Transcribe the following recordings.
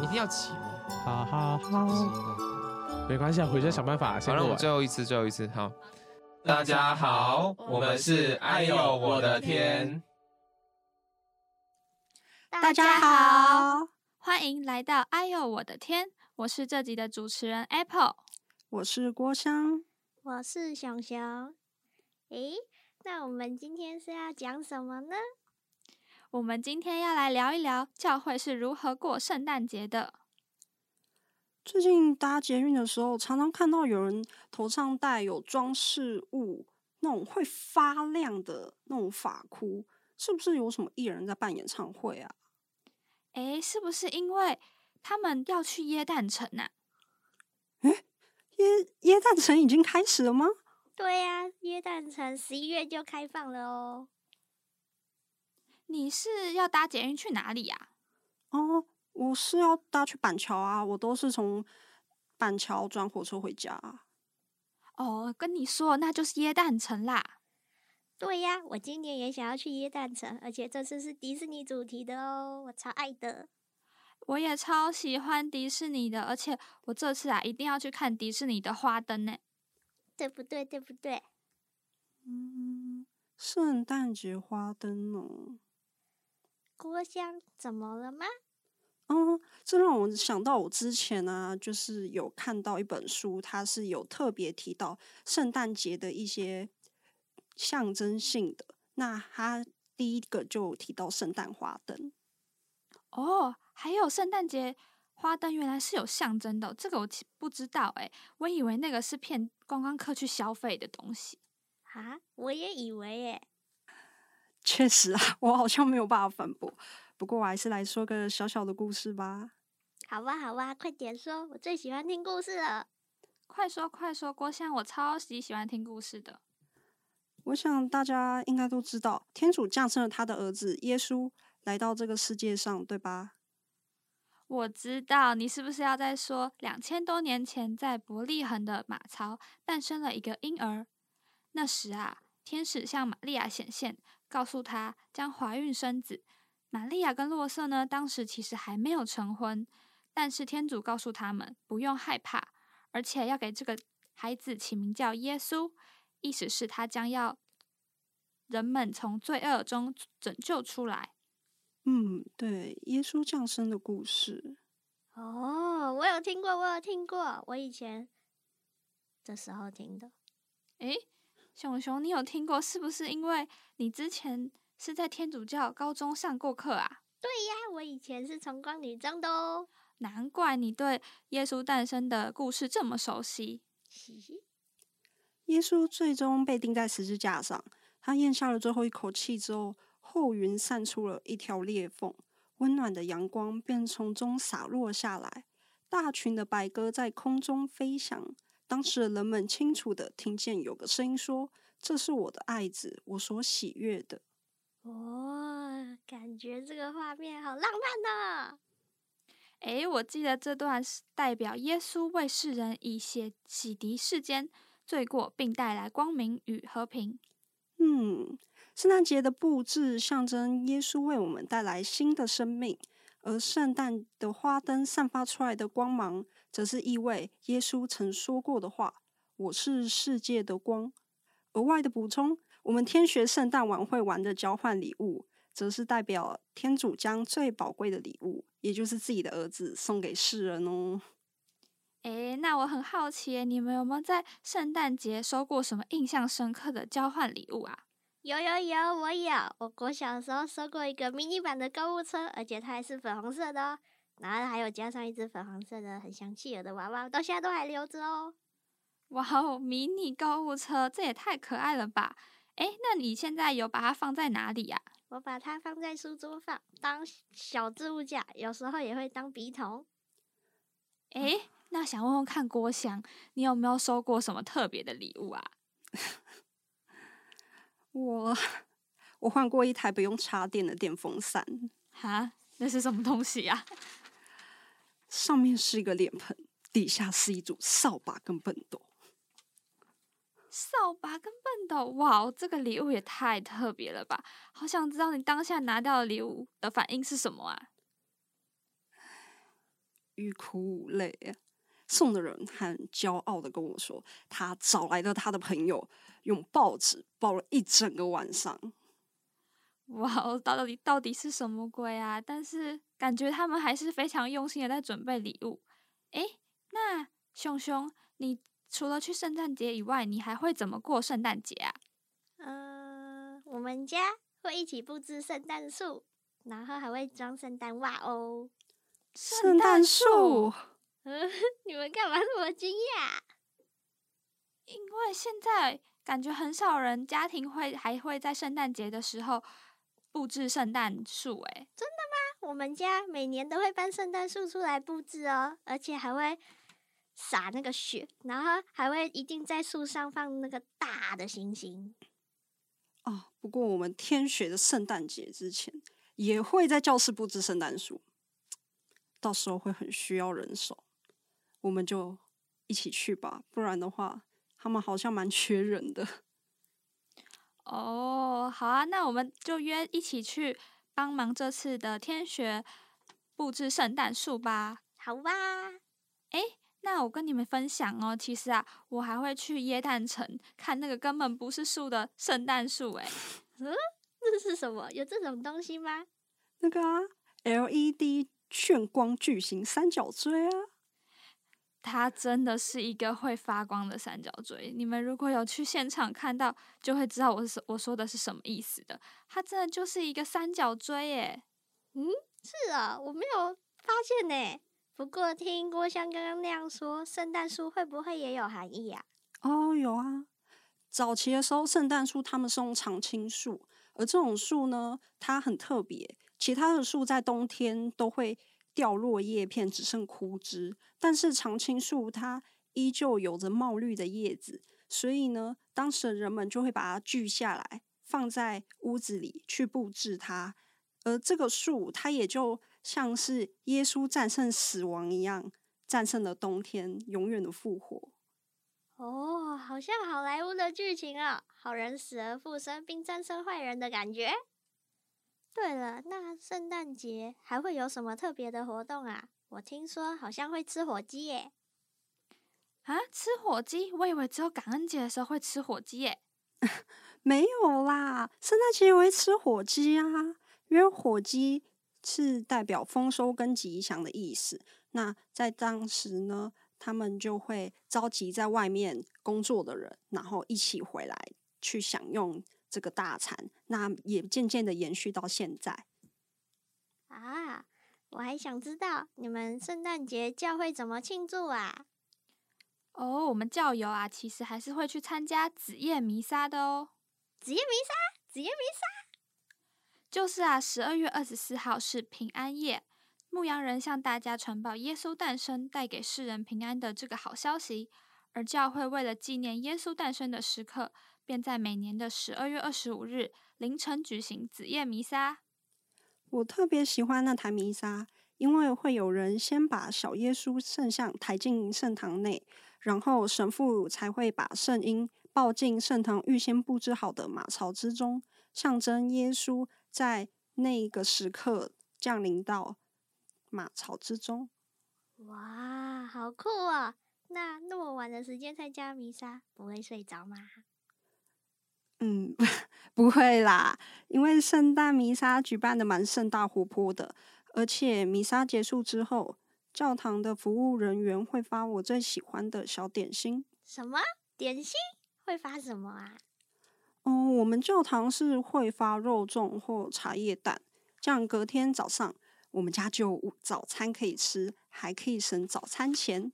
你一定要起嗎？好好好，起起沒關係，回家想辦法。反正我最後一次，最後一次。好，大家好，我，我們是哎呦我的天！大家好，歡迎來到哎呦我的天！我是這集的主持人 Apple，我是郭襄，我是熊熊。誒、欸，那我們今天是要講什麼呢？我們今天要來聊一聊教會是如何過聖誕節的。最近搭捷運的時候，常常看到有人頭上戴有裝飾物，那種會發亮的那種髮箍，是不是有什麼藝人，在辦演唱會啊？哎，是不是因為他們要去耶誕城吶、啊？哎，耶耶誕城已經開始了嗎？對呀、啊，耶誕城十一月就開放了哦。你是要搭捷運去哪裡呀、啊？哦，我是要搭去板橋啊。我都是從板橋轉火車回家。哦，跟你說，那就是耶誕城啦。對呀、啊，我今年也想要去耶誕城，而且這次是迪士尼主題的哦，我超愛的。我也超喜歡迪士尼的，而且我這次啊，一定要去看迪士尼的花燈呢、欸。對不對？對不對？嗯，聖誕節花燈呢、哦？郭襄怎麼了嗎？嗯，這讓我想到我之前呢、啊，就是有看到一本書，它是有特別提到聖誕節的一些象徵性的。那它第一個就提到聖誕花燈。哦，還有聖誕節花燈，原來是有象徵的，這個我其實不知道誒、欸，我以為那個是騙觀光，光客去消費的東西啊，我也以為耶、欸。確實啊，我好像沒有辦法反駁。不過我還是來說個小小的故事吧。好吧，好吧，快點說，我最喜歡聽故事了。快說，快說，郭相，我超級喜歡聽故事的。我想大家應該都知道，天主降生了他的兒子耶穌來到這個世界上，對吧？我知道，你是不是要再說兩千多年前在伯利恆的馬槽誕生了一個嬰兒？那時啊，天使向瑪利亞顯現。告訴他將懷孕生子。瑪利亞跟若瑟呢，當時其實還沒有成婚，但是天主告訴他們不用害怕，而且要給這個孩子起名叫耶穌，意思是他將要人們從罪惡中拯救出來。嗯，對，耶穌降生的故事。哦，我有聽過，我有聽過，我以前的時候聽的。誒。熊熊，你有聽過？是不是因為你之前是在天主教高中上過課啊？對呀，我以前是崇光女中的哦。難怪你對耶穌誕生的故事這麼熟悉。 耶穌最終被釘在十字架上，他咽下了最後一口氣之後，後雲散出了一條裂縫，溫暖的陽光便從中灑落下來，大群的白鴿在空中飛翔。當時的人們清楚地聽見有個聲音說：“這是我的愛子，我所喜悅的。”哦，哇，感覺這個畫面好浪漫呢，啊！誒，我記得這段代表耶穌為世人以血洗滌世間罪過，並帶來光明與和平。嗯，聖誕節的布置象徵耶穌為我們帶來新的生命，而聖誕的花燈散發出來的光芒。則是意味耶穌曾說過的話：“我是世界的光。”額外的補充，我們天學聖誕晚會玩的交換禮物，則是代表天主將最寶貴的禮物，也就是自己的兒子，送給世人哦。哎，那我很好奇，你們有沒有在聖誕節收過什麼印象深刻的交換禮物啊？有有有，我有。我國小時候收過一個迷你版的購物車，而且它還是粉紅色的哦。然後還有加上一隻粉紅色的很香氣有的娃娃，我到現在都還留着哦。哇哦，迷你購物車，這也太可愛了吧！哎，那你現在有把它放在哪裡呀、啊？我把它放在書桌上，當小置物架，有時候也會當筆筒。哎，那想問問看郭翔，你有沒有收過什麼特別的禮物啊？ 我我換過一台不用插電的電風扇。哈，那是什麼東西呀、啊？上面是一個臉盆，底下是一組掃把跟畚斗。掃把跟畚斗，哇，這個禮物也太特別了吧！好想知道你當下拿到的禮物的反應是什麼啊？欲哭無淚。送的人很驕傲的跟我說，他找來了他的朋友，用報紙包了一整個晚上。哇，哦，到底到底是什麼鬼啊？但是感覺他們還是非常用心的在準備禮物。哎、欸，那熊熊，你除了去聖誕節以外，你還會怎麼過聖誕節啊？嗯、呃，我們家會一起布置聖誕樹，然後還會裝聖誕襪哦。聖誕樹？嗯， 你們幹嘛那麼驚訝？因為現在感覺很少人家庭會還會在聖誕節的時候。布置聖誕樹，哎，真的嗎？我們家每年都會搬聖誕樹出來布置哦，而且還會撒那個雪，然後還會一定在樹上放那個大的星星。哦，不過我們天學的聖誕節之前也會在教室布置聖誕樹，到時候會很需要人手，我們就一起去吧，不然的話他們好像蠻缺人的。哦、oh，好啊，那我們就約一起去幫忙這次的天學佈置聖誕樹吧。好哇！哎，那我跟你們分享哦，其實啊，我還會去耶誕城看那個根本不是樹的聖誕樹誒。嗯，這是什麼？有這種東西嗎？那個啊，LED 炫光巨型三角錐啊。它真的是一個會發光的三角錐。你們如果有去現場看到，就會知道我是我說的是什麼意思的。它真的就是一個三角錐耶。嗯，是啊，我沒有發現呢、欸。不過聽郭襄剛剛那樣說，聖誕樹會不會也有含義啊？哦，有啊。早期的時候，聖誕樹他們是用常青樹，而這種樹呢，它很特別，其他的樹在冬天都會。掉落葉片，只剩枯枝，但是常青樹它依舊有着茂綠的葉子，所以呢，當時的人們就會把它鋸下來，放在屋子裡去布置它。而這個樹，它也就像是耶穌戰勝死亡一樣，戰勝了冬天，永遠的復活。哦、oh，好像好萊塢的劇情啊、哦，好人死而復生，並戰勝壞人的感覺。對了，那聖誕節還會有什麼特別的活動啊？我聽說好像會吃火雞耶。啊，吃火雞？我以為只有感恩節的時候會吃火雞耶。沒有啦，聖誕節也會吃火雞啊，因為火雞是代表豐收跟吉祥的意思。那在當時呢，他們就會召集在外面工作的人，然後一起回來去享用。這個大餐，那也漸漸的延續到現在。啊，我還想知道你們聖誕節教會怎麼慶祝啊？哦，我們教友啊，其實還是會去參加子夜彌撒的哦。子夜彌撒？子夜彌撒？就是啊，十二月二十四號是平安夜，牧羊人向大家傳報耶穌誕生，帶給世人平安的這個好消息。而教會為了紀念耶穌誕生的時刻，便在每年的十二月二十五日凌晨舉行子夜彌撒。我特別喜歡那台彌撒，因為會有人先把小耶穌聖像抬進聖堂內，然後神父才會把聖嬰抱進聖堂預先佈置好的馬槽之中，象徵耶穌在那個時刻降臨到馬槽之中。哇，好酷啊、哦！那那麼晚的時間參加彌撒，不會睡着嗎？嗯，不不會啦，因為聖誕彌撒舉辦的蠻盛大、活潑的，而且彌撒結束之後，教堂的服務人員會發我最喜歡的小點心。什麼點心？會發什麼啊？哦，我們教堂是會發肉粽或茶葉蛋，這樣隔天早上我們家就有早餐可以吃，還可以省早餐錢。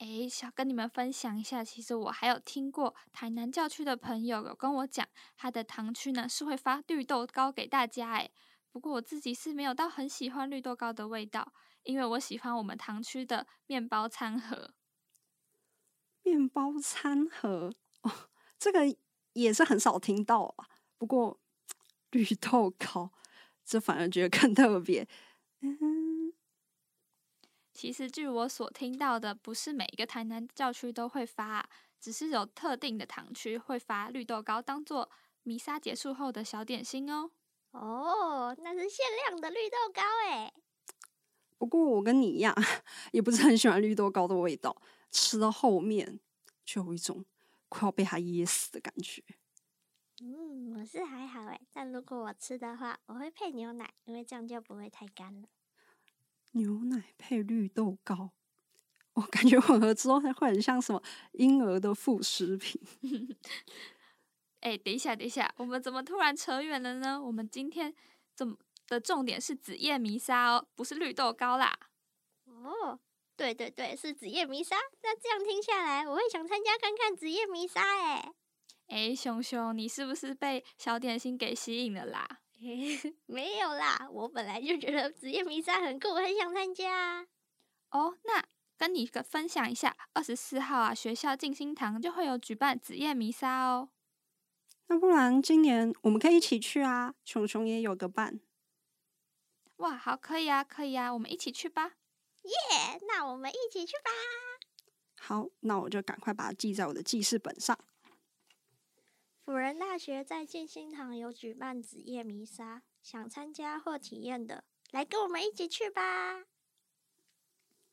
哎、欸，想跟你們分享一下，其實我還有聽過台南教區的朋友有跟我講，他的堂區呢是會發綠豆糕給大家哎、欸。不過我自己是沒有到很喜歡綠豆糕的味道，因為我喜歡我們堂區的麵包餐盒。麵包餐盒哦，這個也是很少聽到啊。不過綠豆糕，這反而覺得更特別。嗯其實據我所聽到的，不是每一個台南教區都會發，只是有特定的堂區會發綠豆糕當做彌撒結束後的小點心哦。哦，那是限量的綠豆糕哎。不過我跟你一樣，也不是很喜歡綠豆糕的味道，吃到後面就有一種快要被它噎死的感覺。嗯，我是還好哎，但如果我吃的話，我會配牛奶，因為這樣就不會太乾了。牛奶配綠豆糕，我感覺混合之後它會很像什麼嬰兒的副食品。哎、 欸，等一下，等一下，我們怎麼突然扯遠了呢？我們今天怎麼的重點是子夜彌撒哦，不是綠豆糕啦。哦，對對對，是子夜彌撒。那這樣聽下來，我會想參加看看子夜彌撒。哎，哎，熊熊，你是不是被小點心給吸引了啦？ 沒有啦，我本來就覺得子夜彌撒很酷，很想參加。哦，那跟你一個分享一下，二十四號啊，學校靜心堂就會有舉辦子夜彌撒哦，那不然今年我們可以一起去啊，瓊瓊也有個伴。哇，好可以啊，可以啊，我們一起去吧。耶、yeah，那我們一起去吧。好，那我就趕快把它記在我的記事本上。輔仁大學在建新堂有舉辦子夜彌撒，想參加或體驗的，來跟我們一起去吧。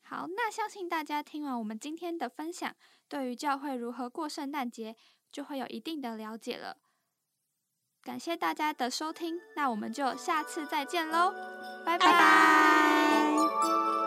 好，那相信大家聽完我們今天的分享，對於教會如何過聖誕節就會有一定的了解了。感謝大家的收聽，那我們就下次再見嘍，拜拜。